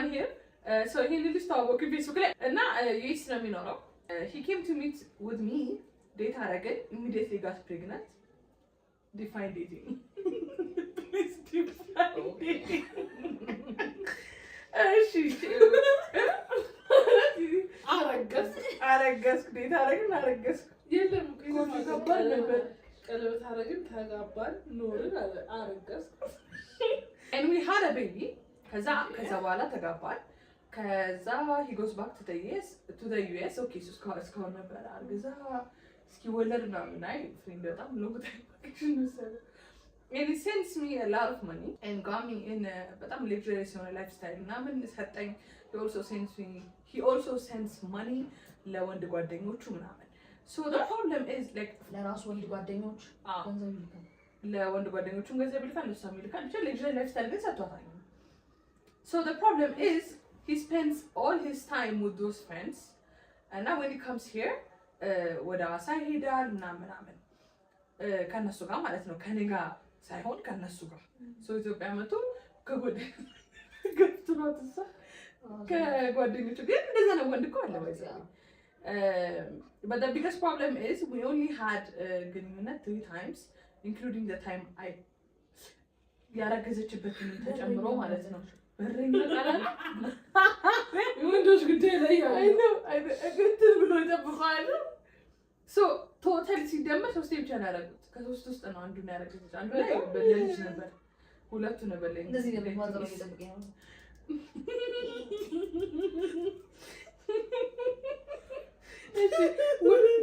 ማን ሄር ሰው ይሄን ልጅ ተዋወቅን ፌስቡክ ላይ እና ዩኤስ ነው የሚኖረው። ሂ ኬም ቱ ሚት ዊዝ ሚ ዴት አረገን ኢሚዲየትሊ ጋት ፕሬግናንት ዲፋይን ዴቲንግ አረገዝኩ ዴት አደረግን አረገዝኩ የለም ከባድ ነበር። ቀለበት አደረግን ተጋባን ኖርን አረገዝኩ ኤንድ ዊ ሀድ አ ቤቢ ከዛ ከዛ በኋላ ተጋባል። ከዛ ሂጎስ ባክ ቱደ ዩኤስ ኦኬ። እሱ እስካሁን ነበረ አርግዛ እስኪወለድ ምናምን አይ ፍሬንድ በጣም ሴንስ ሚ ላር ኦፍ መኒ በጣም ሌክዥሪየስ የሆነ ላይፍ ስታይል ምናምን ሰጠኝ። ሂ ኦልሶ ሴንስ መኒ ለወንድ ጓደኞቹ ምናምን ለራሱ ወንድ ጓደኞች ለወንድ ጓደኞቹም ገንዘብ ይልካል፣ እሷም ይልካል። ብቻ ሌክዥሪየስ ላይፍ ስታይል ግን ሰጥቷታል። So the problem is he spends all his time with those friends እና when he comes here ወደ ሐዋሳ ይሄዳል ምናምን ምናምን ከእነሱ ጋር ማለት ነው ከእኔ ጋር ሳይሆን ከእነሱ ጋር ሰው ኢትዮጵያ መቶ ከጓደኞቹ ግን እንደዚያ ነው። ወንድ እኮ አለ but the biggest problem is we only had ግንኙነት three times including the time I ያረገዘችበትን ተጨምሮ ማለት ነው ወንዶች ጉዳይ ላይ እንትን ብሎ ይጠብቀዋል። ቶታል ሲደመር ሶስቴ ብቻ ነው ያደረጉት። ከሶስት ውስጥ ነው አንዱ ያደረጉት። አንዱ ላይ በለልጅ ነበር፣ ሁለቱ ነበር ላይ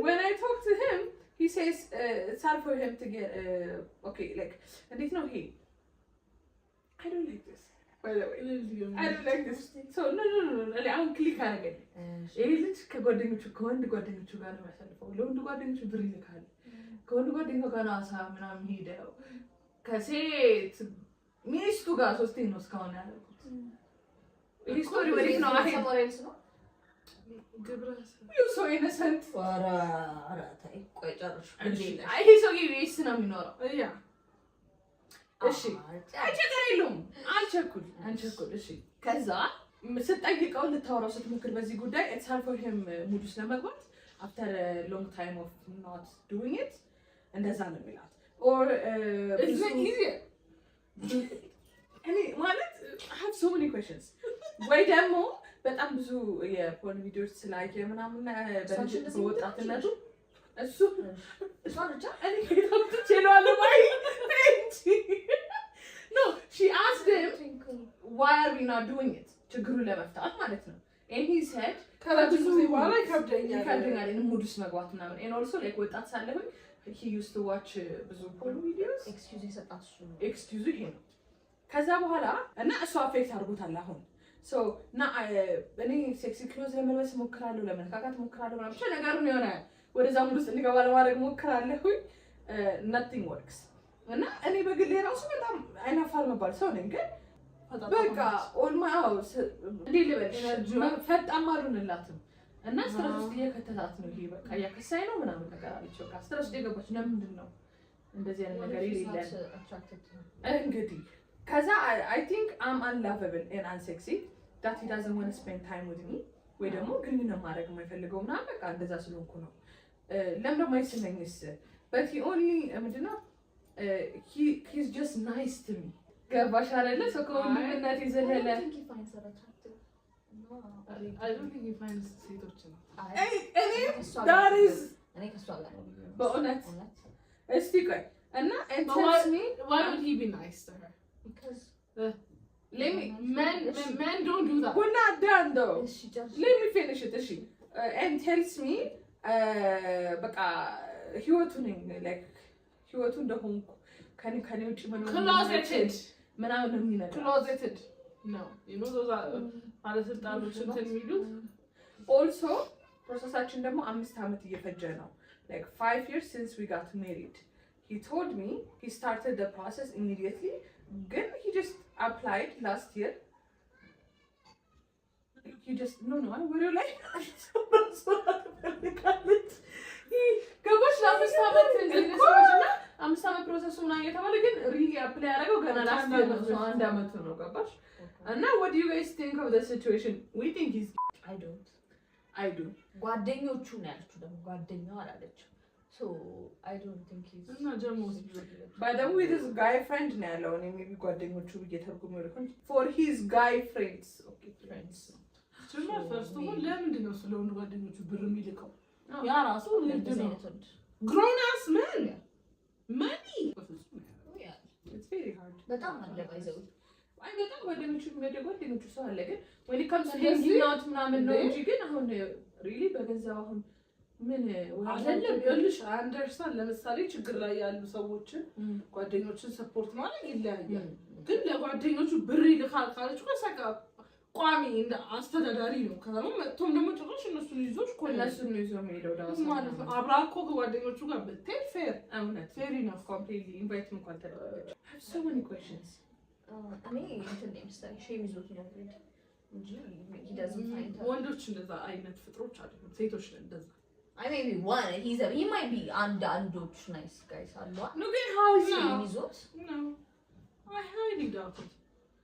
when I talk to him, uh, uh, እንዴት ነው ይሄ? አሁን ክሊክ አደረገኝ። ይህ ልጅ ከጓደኞቹ ከወንድ ጓደኞቹ ጋር ነው ያሳልፈው። ለወንድ ጓደኞቹ ብር ይልካል። mm. ከወንድ ጓደኛ ጋር ነው ሀሳ ምናምን ሄደው ከሴት ሚኒስቱ ጋር ሶስቴ ነው እስካሁን ያደረጉት። ሰው mm. ኢነሰንት ይሄ ሰው ነው የሚኖረው እሺ ችግር የለውም። አልቸኩል አልቸኩል። እሺ ከዛ ስጠይቀው ልታወራው ስትሞክር በዚህ ጉዳይ ሳልፎህም ሙድ ውስጥ ለመግባት አፍተር ሎንግ ታይም ኦፍ ኖት ዱዊንግ ኢት እንደዛ ነው የሚላት uh, ማለት ሀብ ሶ ሜኒ ኩዌሽንስ ወይ ደግሞ በጣም ብዙ የፖርን ቪዲዮዎች ስላየ ምናምን በወጣትነቱ እሱ እሷ ብቻ እኔ ቼለዋለ ባይ እንጂ ዋይ አር ዊ ናት ዱዊንግ ኢት ችግሩን ለመፍታት ማለት ነው። ኤንድ ሂ ሰድ ከብዙ በኋላ ይከብደኛል ይከብደኛል ሙድ ውስጥ መግባት ምናምን ኤንድ ኦልሶ ላይክ ወጣት ሳለሁኝ ሂ ዩዝ ቱ ዋች ብዙ ፖርኖ ቪዲዮስ ኤክስኪዩዝ የሰጣት እሱ ነው ኤክስኪዩዝ ይሄ ነው። ከዛ በኋላ እና እሱ አፌክት አድርጎታል አሁን እና uh, እኔ ሴክሲ ክሎዝ ለመልበስ እሞክራለሁ፣ ለመነካካት እሞክራለሁ ብቻ ነገሩን የሆነ ወደዛ ሙድ ውስጥ እንዲገባ ለማድረግ እሞክራለሁኝ። ነቲንግ uh, ወርክስ እና እኔ በግሌ ራሱ በጣም አይናፋር መባል ሰው ነኝ ግን በቃ ኦልማው ፈጣን አልሆንላትም እና ስትረስ ውስጥ እየከተታት ነው። ይሄ በቃ ነው ምናምን ነገር አለች። በቃ ስትረስ ውስጥ የገባች ለምንድን ነው እንደዚህ አይነት ነገር የሌለን? እንግዲህ ከዛ አይ ቲንክ አም አንላቨብል ኤን አንሴክሲ ዳት ስፔንድ ታይም ዊዝ ሚ ወይ ደግሞ ግንኙነት ማድረግ የማይፈልገው ምናምን በቃ እንደዛ ስለሆንኩ ነው። ለምን ደግሞ በት ኦንሊ ሂ ኢዝ ጀስት ናይስ ቱ ሚ ገባሽ አይደለ? ሰው ከወንድም እናት የዘለለ በእውነት እስቲ ቆይ እና ቡና ዳን ዶ ሌሚ ፊኒሽት እሺ ኤን ቴልስ ሚ በቃ ህይወቱ ነኝ ላይክ ህይወቱ እንደሆንኩ ከኔ ከኔ ውጭ መኖር ምናምን ነው የሚነግረው። ክሎዘትድ ነው ባለስልጣኖች እንትን የሚሉት ኦልሶ ፕሮሰሳችን ደግሞ አምስት ዓመት እየፈጀ ነው። ላይክ ፋይቭ ይርስ ሲንስ ዊ ጋት ሜሪድ ሂ ቶልድ ሚ ሂ ስታርትድ ፕሮሰስ ኢሚዲየትሊ ግን ሂ ጀስት አፕላይድ ላስት ይር ሂ ጀስት ኖ ኖ ወሬው ላይ ገባሽ ለአምስት ዓመት ሰዎችና አምስት ዓመት ፕሮሰሱ ምናምን እየተባለ ግን ሪሊ አፕላይ ያደረገው ገና አንድ ዓመቱ ነው። ገባሽ እና ወድ ዩ ጋይስ ቲንክ ኦፍ ዘ ሲቹዌሽን ዊ ቲንክ ኢዝ አይ ዶንት አይ ዶንት ጓደኞቹ ነው ያለችው፣ ደግሞ ጓደኛው አላለችው። ጓደኞቹ ብዬ ለምንድን ነው ስለወንድ ጓደኞቹ ብር የሚልከው? ያ ራሱ ውድ ነው። ግሮን አስ መኒ በጣም አለ ባይዘው ጓደኞቹ ሰው አለ ግን ወይ ከምስ ሄንግናት ምናምን ነው እንጂ ግን አሁን ሪሊ በገንዘብ አሁን ምን አይደለም። ይኸውልሽ አንደርስታንድ ለምሳሌ ችግር ላይ ያሉ ሰዎችን ጓደኞችን ሰፖርት ማለት ይለያያል። ግን ለጓደኞቹ ብር ይልካል ካለች ሰጋ ቋሚ እንደ አስተዳዳሪ ነው። ከዛ መጥቶም ደግሞ ጭራሽ እነሱን ይዞች እነሱን ይዞ ዳስ ማለት ነው። አብራ እኮ ከጓደኞቹ ጋር ብትሄድ ፌር እውነት ፌር ነው። ኮምፕሌት ኢንቫይት እንኳን ተደረገች። ሶ ሜኒ ኮሽንስ ወንዶች እንደዛ አይነት ፍጥሮች አይደሉም። ሴቶች እንደዛ አይ ናይስ ጋይስ አሉ ግን ሀይሊ ዳውት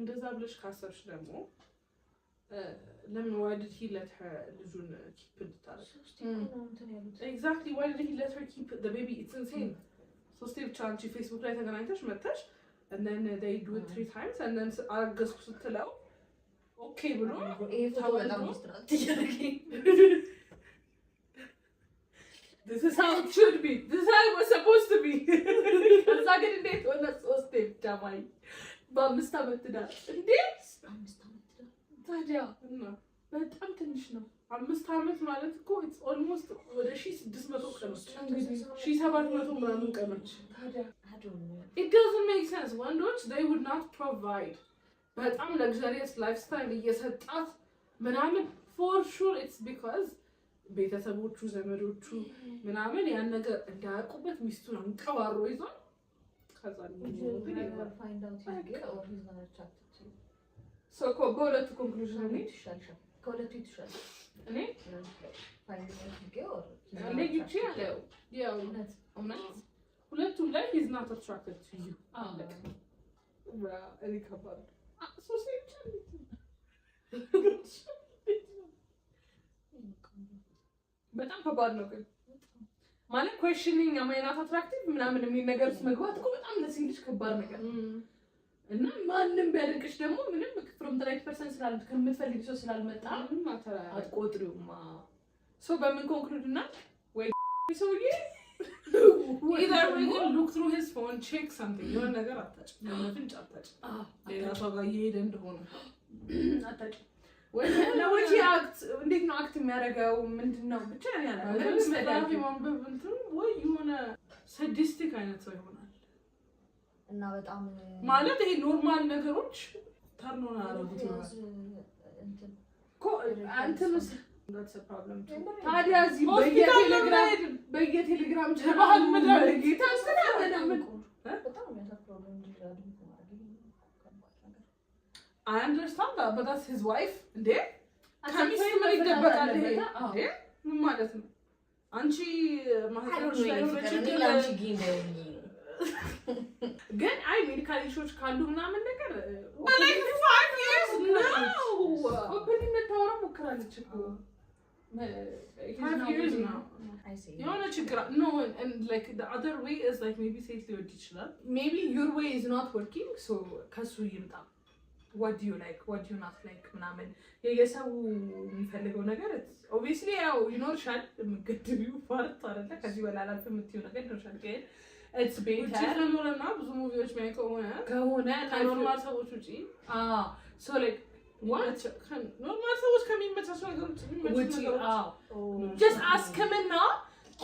እንደዛ ብለሽ ካሰብሽ ደግሞ ለምን ዋይድድ ሂ ልጁን ኪፕ እንድታደርግ ኤግዛክትሊ ዋይድድ ሂ ኪፕ ቤቢ ኢትስ ኢንሴን ሶስቴ ብቻ አንቺ ፌስቡክ ላይ ተገናኝተሽ መተሽ እነን ይ ዱ ትሪ ታይምስ እነን አረገዝኩ ስትለው ኦኬ ብሎ እዛ ግን እንዴት ሆነ ሶስቴ ብቻ ማይ በአምስት አመት ትዳር እንዴ? አምስት ዓመት ትዳር ታዲያ በጣም ትንሽ ነው። አምስት አመት ማለት እኮ ኦልሞስት ወደ ሺ ስድስት መቶ ቀኖች ሺ ሰባት መቶ ምናምን ቀኖች ታዲያ ኢት ዶዝንት ሜክ ሰንስ። ወንዶች ዘይ ውድ ናት ፕሮቫይድ በጣም ለግዠሪየስ ላይፍ ስታይል እየሰጣት ምናምን ፎር ሹር ኢትስ ቢካዝ ቤተሰቦቹ ዘመዶቹ ምናምን ያን ነገር እንዳያውቁበት ሚስቱን አንቀባሮ ይዟል። because I'm video. find out he's gay or he's not attracted to you? So co- go to conclusion. እኔ ትሻልሻ attracted to. እኔ ፋይንድ አውት ጌ ኦር ለይቼ አለው ያው እውነት እውነት ሁለቱም ላይ he's not attracted to you አለቀ። ራ- እኔ ከባድ ነው። አ- ሶስት ብቻ እንዴት ነው? በጣም ከባድ ነው ግን ማለት ኮሽኒንግ ማይናት አትራክቲቭ ምናምን የሚል ነገር ውስጥ መግባት እኮ በጣም ለሴት ልጅ ከባድ ነገር እና ማንም ቢያደንቅሽ ደግሞ ምንም ፍሮም ትራይት ፐርሰን ስላል ከምትፈልግ ሰው ስላልመጣ አትቆጥሪውማ። ሶ በምን ኮንክሉድ እና ወይ ሰውዬ ኢዘር ወይ ግን ሉክ ትሩ ሂዝ ፎን ቼክ ሳምቲንግ የሆነ ነገር አታጭ፣ ፍንጭ አታጭ፣ ሌላ ሰው ጋር እየሄደ እንደሆነ አታጭ ለወጪ አክት እንዴት ነው አክት የሚያደርገው? ምንድን ነው ብቻ ያለፊ ማንበብ እንትን ወይ የሆነ ሰዲስቲክ አይነት ሰው ይሆናል። እና በጣም ማለት ይሄ ኖርማል ነገሮች ተርኖን አረጉት ይሆናል ታዲያ እዚህ በየቴሌግራም ጀርባ ጌታ ስላ በጣም አይ አንደርስታንድ በጣም ሂዝ ዋይፍ እንዴ ከሚስት ምን ይደበቃል? ይሄ ምን ማለት ነው? አንቺ ግን አይ ሜዲካል ኢሹዎች ካሉ ምናምን ነገር መታወራው ሞክራለች የሆነ ችግር ሴት ሊወድ ይችላል። ሜይ ቢ ዩር ዌይ ኢዝ ኖት ወርኪንግ ከሱ ይምጣ ዋት ዩ ላይክ ዋት ዩ ናት ላይክ ምናምን የሰው የሚፈልገው ነገር ኦብቪስሊ ያው ይኖርሻል። የምገድቢው ፓርት አለ ከዚህ በላይ አላልፍም የምትይው ነገር ይኖርሻል ግን ኢትስ ቤተር ብዙ ሙቪዎች ማይ ከሆነ ከሆነ ከኖርማል ሰዎች ውጪ ሶ ላይክ ኖርማል ሰዎች ከሚመቻቸው ነገሮች ጀስት አስክምና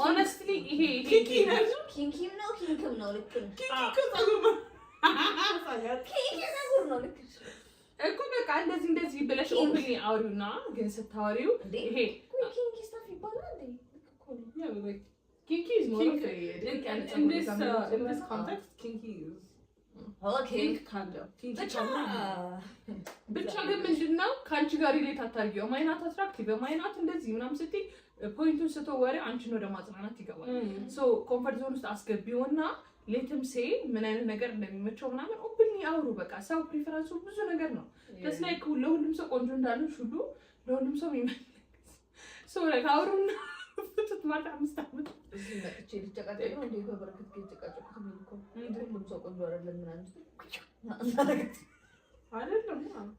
ኦነስትሊ ይሄ ኪንኪም ነው ኪንክም ነው ልክ ነው ነው እንደዚህ እንደዚህ ብለሽ ኦፕን አውሪውና ግን ስታወሪው ይሄ ኪንኪ ስታፍ ይባላል። ኪንኪ ኪንኪ ብቻ ግን ምንድን ነው uh, ከአንቺ ጋር ሌት አታርጊው ማይናት አትራክቲቭ እንደዚህ ምናምን ስትይ ፖይንቱን ስቶ ወሬ አንቺን ወደ ማጽናናት ይገባል። ኮንፈርት ዞን ውስጥ አስገቢውና ሌትም ሲሄድ ምን አይነት ነገር እንደሚመቸው ምናምን ኦፕን ያውሩ። በቃ ሰው ፕሪፈረንሱ ብዙ ነገር ነው። ደስ ለሁሉም ሰው ቆንጆ እንዳለች ሁሉ ለሁሉም ሰው የሚመለስ ሰው ላይ ፍቱት አምስት እዚህ ልጨቃጨቅ ነው እንዴ? በበረከት ሁሉም ሰው ቆንጆ አይደለም ምናምን አይደለም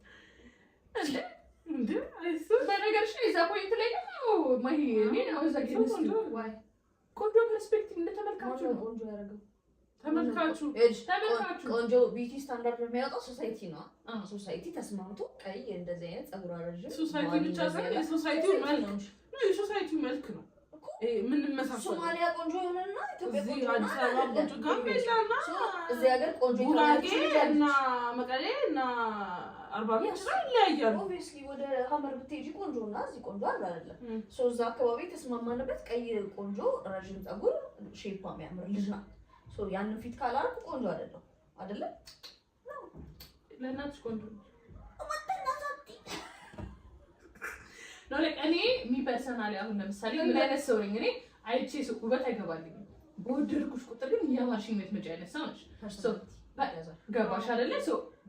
ቆንጆ ፐርስፔክቲቭ ነው ቆንጆ ያደረገው ተመልካቹ ቆንጆ ቢዩቲ ስታንዳርድ የሚያወጣው ሶሳይቲ ነው። ሶሳይቲ ተስማምቶ ቀይ እንደዚህ አይነት ጸጉር ሶሳይቲ ብቻ ሳይሆን የሶሳይቲው መልክ ነው። የሶሳይቲው መልክ ነው ሶማሊያ ቆንጆ የሆነና ኢትዮጵያ ቆንጆ እና መቀሌ እና አርባ ይለያያሉ። ወደ ሀመር ብትሄጂ ቆንጆ እና እዚህ ቆንጆ አለ አይደለም። እዛ አካባቢ ተስማማንበት ቀይ ቆንጆ ረዥም ጸጉር ሼፓ የሚያምር ልጅ ናት። ያንን ፊት ካላደረኩ ቆንጆ አይደለም አይደለም። ለእናትሽ ቆንጆ እኔ የሚፐርሰናል አሁን ለምሳሌ ምን አይነት ሰው ነኝ እኔ አይቼ ሰው ውበት አይገባልኝ። በወደድኩሽ ቁጥር ግን የማሽን ቤት መጪ አይነት ሰው ነች። ገባሽ አይደለ?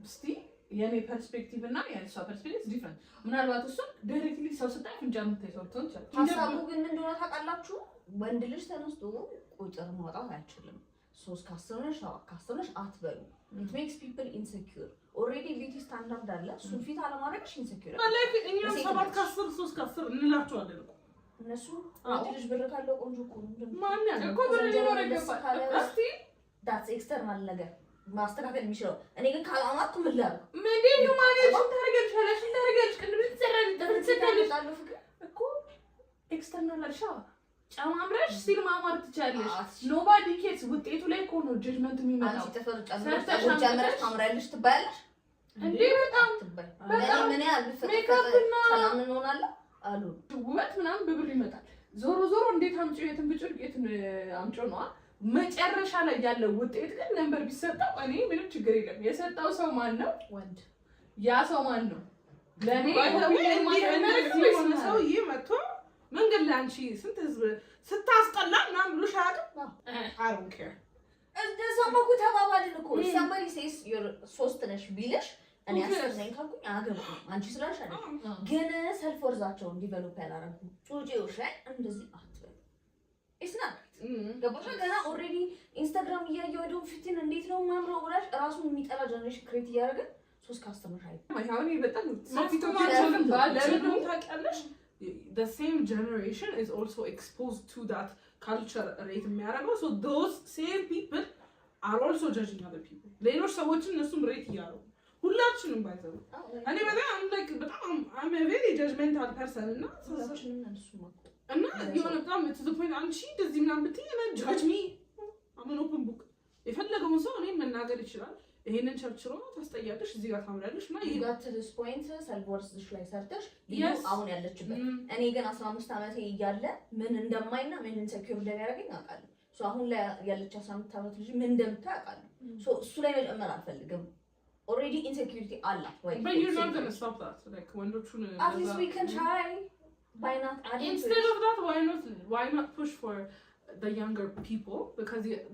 እስቲ የእኔ ፐርስፔክቲቭ እና የእሷ ፐርስፔክቲቭ ዲፍረንት። ምናልባት እሱም ዳይሬክትሊ ሰው ስታይ ፍንጫ የምታይ ሰው ልትሆን ይችላል። ሀሳቡ ግን እንደሆነ ታውቃላችሁ፣ ወንድ ልጅ ተነስቶ ቁጥር ማውጣት አይችልም። ሶስት ካሰብነሽ ካሰብነሽ አትበሉ። ኢት ሜክስ ፒፕል ኢንሴኪዩር ኦልሬዲ ቢዩቲ ስታንዳርድ አለ። እሱን ፊት አለማድረግሽ ኢንሴኪዩር እኛ ሰባት ከአስር ሶስት ከአስር እንላቸዋለን እኮ እነሱ ልጅ ብር ካለው ቆንጆ ዳትስ ኤክስተርናል ነገር ማስተካከል የሚችለው እኔ ግን ካላማት ምላል ምንድን ነው ማለት ታደርገልሻለሽ ታደርገልሽ ቅድም ትሰራለሽ እኮ ኤክስተርናል አልሻ ጨማምረሽ ሲል ማማር ትችያለሽ። ኖባዲ ኬርስ ውጤቱ ላይ እኮ ነው ጀጅመንት የሚመጣው። ትባያለሽ እንዴ በጣም በጣም ሜካፕ እና ውበት ምናምን በብር ይመጣል። ዞሮ ዞሮ እንዴት አምጪው የትን ብጭር የትን አምጪው ነዋ። መጨረሻ ላይ ያለው ውጤት ግን ነንበር ቢሰጠው እኔ ምንም ችግር የለም። የሰጠው ሰው ማን ነው? ወንድ ያ ሰው ማን ነው? ለእኔ ሰውዬ መጥቶ መንገድ ላይ አንቺ ስንት ህዝብ ስታስጠላ ምናምን ብሎ ሻያቅ አሮንኬ እንደ ተባባልን እኮ ሰመሪ ሴስ ሶስት ነሽ ቢልሽ እኔ አስር ካልኩኝ አገባም አንቺ ስላልሽ አለ ግን ሰልፍ ወርዛቸውን ዲቨሎፕ ያላረጉ ጩጬዎች ላይ እንደዚህ አትበሉ። ኢስና mm. ገባሽ? ገና ኦልሬዲ ኢንስታግራም እያየ ወደ ፊትን እንዴት ነው ማምረው ብላሽ ራሱን የሚጠላ ጀነሬሽን ክሬት እያደረገ ሶስት ካስተመር ሀይ አሁን በጣም ቲቶቻቸውን ባለምንም ታውቂያለሽ the same generation is also exposed to that culture rate የሚያደርገው so those same people are also judging other people ሌሎች ሰዎችን እነሱም ሬት እያደረጉ ሁላችንም ባይዘው እኔ በጣም like በጣም I'm a very judgmental person እና እና የሆነ በጣም to the point አንቺ እንደዚህ ምናምን ብትይ judge me I'm an open book የፈለገውን ሰው እኔ መናገር ይችላል ይሄንን ቸርችሮ ታስጠያለሽ፣ እዚህ ጋር ታምራለሽ። እና ይሄ ጋር ፖይንት ላይ ሰርተሽ አሁን ያለችበት። mm. እኔ ግን 15 ዓመት እያለ ምን እንደማይና ምን ኢንሴኩር እንደሚያደርገኝ አውቃለሁ። ሶ አሁን ላይ ያለች 15 ዓመት ልጅ ምን እንደምታይ አውቃለሁ። ሶ mm. እሱ ላይ መጨመር አልፈልግም። ኦልሬዲ ኢንሴኩሪቲ አላት ወይ but you're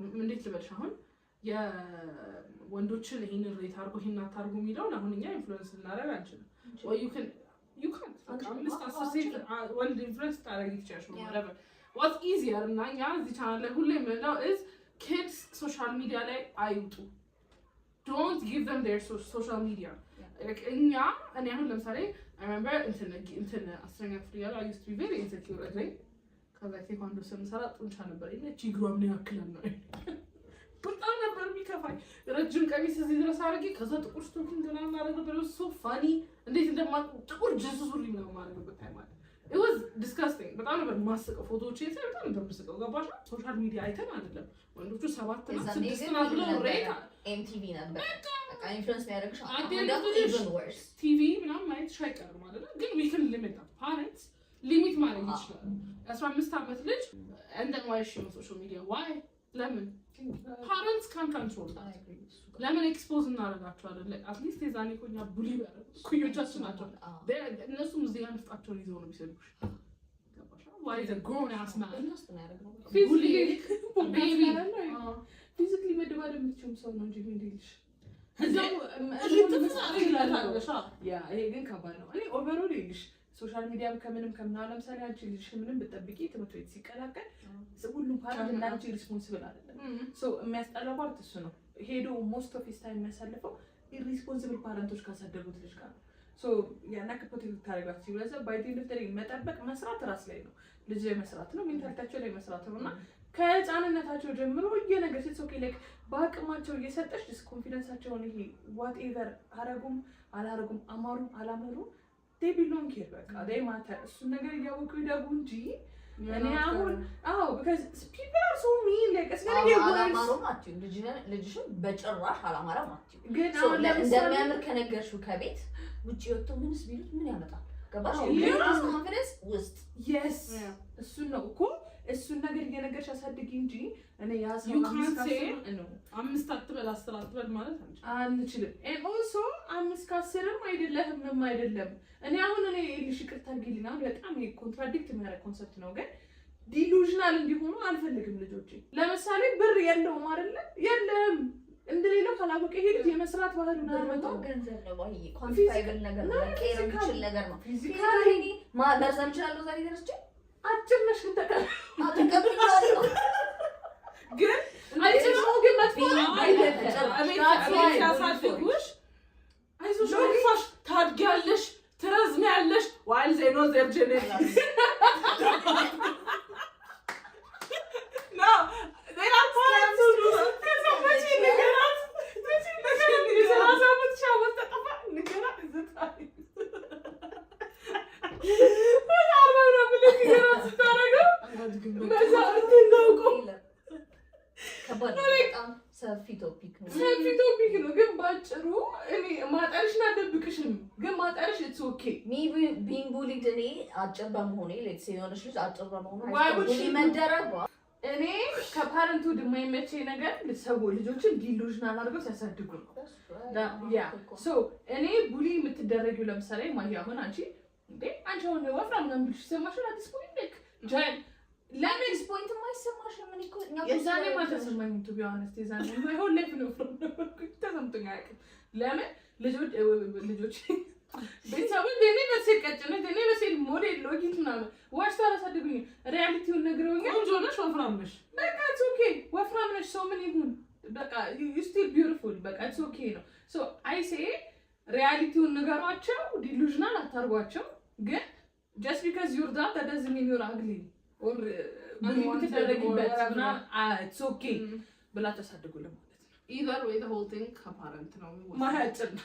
ወንዶቹን እንዴት ልበልሽ አሁን የወንዶችን ይህንን ሬት አድርጎ ይህን አታርጉ የሚለውን አሁን እኛ ኢንፍሉዌንስ ልናደርግ አንችልም። አምስት አስር ሴት ወንድ ኢንፍሉዌንስ ታደርጊ ትችያለሽ። ዋት ኢዚየር እና እኛ እዚህ ቻናል ላይ ሁሌ የምንለው እዝ ኪድስ ሶሻል ሚዲያ ላይ አይውጡ። ዶንት ጊቭ ዘም ዴር ሶሻል ሚዲያ እኛ እኔ አሁን ለምሳሌ ሪሜምበር እንትን አስረኛ ክፍል እያለሁ አይ ዩስት ቢ ቬሪ ኢንሴኪውር ነኝ። ከዛ ቴኳንዶ ስምሰራ ጡንቻ ነበር ቺ ግሯ ምን ያክላል ነው በጣም ነበር የሚከፋኝ። ረጅም ቀሚስ እዚህ ድረስ አድርጌ ከዛ ጥቁር ስቶኪንግ ምናምን ሶ ፋኒ እንዴት እንደማ ጥቁር ጅንስ ሱሪ ምናምን ማለት በጣም ነበር ማስቀው ፎቶዎች በጣም ነበር ገባሽ? ሶሻል ሚዲያ አይተን አይደለም ወንዶቹ ሰባት ና ስድስት ና ብለው ኤምቲቪ ነበር ቲቪ ምናምን ማየት ሻይቀር ማለት ነው። ግን ዊክን ሊሚት ፓረንትስ ሊሚት ማለት ይችላል። አስራ አምስት ዓመት ልጅ እንደዋይሽ ነው ሶሻል ሚዲያ ዋይ ለምን ፓረንትስ ካን ካንትሮል ለምን ኤክስፖዝ እናደርጋቸዋለን? አትሊስት የዛኔ እኮ እኛ ቡሊ ኩዮቻችን ናቸው። ah. እነሱም እዚህ ጋር ነፍጣቸውን ይዘው ነው የሚሰዱሽ። ፊዚክሊ ah. ah. መደባደብ የምትችይው ሰው ነው እንጂ እንዲልሽ ይሄ ግን ከባድ ነው። እኔ ኦቨሮል ይልሽ ሶሻል ሚዲያም ከምንም ከምና ለምሳሌ አንቺ ልጅሽን ምንም ብጠብቂ ትምህርት ቤት ሲቀላቀል ሁሉም ፓርት ለአንቺ ሪስፖንስብል አይደለም። ሶ የሚያስጠላ ፓርት እሱ ነው። ሄዶ ሞስት ኦፍ ስታይም የሚያሳልፈው ኢሪስፖንስብል ፓረንቶች ካሳደጉት ልጅ ጋር ነው። ሶ ያና ከፖቴት ታሪጋት ሲብለዘ ባይቴንደፍተሪ መጠበቅ መስራት ራስ ላይ ነው፣ ልጅ ላይ መስራት ነው፣ ሜንታሊታቸው ላይ መስራት ነው እና ከህፃንነታቸው ጀምሮ እየነገር ሴት ኦኬ ላይክ በአቅማቸው እየሰጠች ዲስ ይሄ ዋት ኤቨር አረጉም አላረጉም አማሩም አላመሩም ዴ ቢሎን ኬር በቃ ዴ ማተር እሱን ነገር እያወቁ ይደጉ እንጂ እኔ አሁን አዎ ቢካዝ ፒፕል አር ሶ ሚን ላይክ እስ ገና ያማሩም አትዩ ልጅሽን በጭራሽ አላማራም አትዩ። ግን አሁን እንደሚያምር ከነገርሽው ከቤት ውጪ ወጥቶ ምንስ ቢሉት ምን ያመጣል? ገባሽ? ዩስ እሱን ነው እኮ እሱን ነገር እየነገርሽ አሳድጊ እንጂ እኔ አምስት አትበል አስር አትበል ማለት አንችልም። ኦልሶ እስከ አስርም ምንም አይደለም። እኔ አሁን እኔ ልሽ ይቅርታ አድርጊልኝ። አሁን በጣም ኮንትራዲክት የሚያደርግ ኮንሰፕት ነው፣ ግን ዲሉዥናል እንዲሆኑ አልፈልግም ልጆች። ለምሳሌ ብር የለውም አይደለ? የለህም እንደሌለው ካላወቀ ይሄ ልጅ የመስራት ባህሪ ነው ያመጣው። ገንዘብ ነው ነገር ነው ግን ታድጊያለሽ፣ ትረዝሚያለሽ ዋይል ዜኖ ዘርጀኔ አጭር በመሆኔ ሌት የሆነች ልጅ አጭር በመሆኑ መደረጓ እኔ ከፓረንትሁድ የማይመቼ ነገር ሰው ልጆችን ዲሉዥናል አድርገው ሲያሳድጉ ነው። እኔ ቡሊ የምትደረጊው ለምሳሌ ማየ አሁን አንቺ እንዴ አንቺ አሁን ወፍራም ምናምን ብልሽ ይሰማሻል። አዲስ ፖይንት ልክ ለምን አዲስ ፖይንት ማይሰማሽ ምን እኮ ማተሰማኝ ቱ ቢ ሆነስት የዛኔ ማይሆን ላይፍ ነው ተሰምቶኝ ለምን ልጆች ቤተሰቦች ለእኔ በሴት ቀጭነት እኔ በሴት ሞዴል ሎጊት ምናምን ዋሽቶ አላሳደጉኝም። ሪያሊቲውን ነግረውኛል። ቆንጆ ነሽ፣ ወፍራም ነሽ። በቃ ኢትስ ኦኬ። ወፍራም ነሽ፣ ሰው ምን ይሁን በቃ ዩ ስቲል ቢዩቲፉል። በቃ ኢትስ ኦኬ ነው። ሶ አይ ሴ ሪያሊቲውን ንገሯቸው፣ ዲሉዥናል አታርጓቸው። ግን ጀስት ቢካዝ ዩር ዳት ዳዝንት ሚን ዩር አግሊ ኦር ብላ ታሳድጉ ለማለት ነው። ኢዘር ወይ ሆል ቲንግ ከፓረንት ነው ማያጭር ነው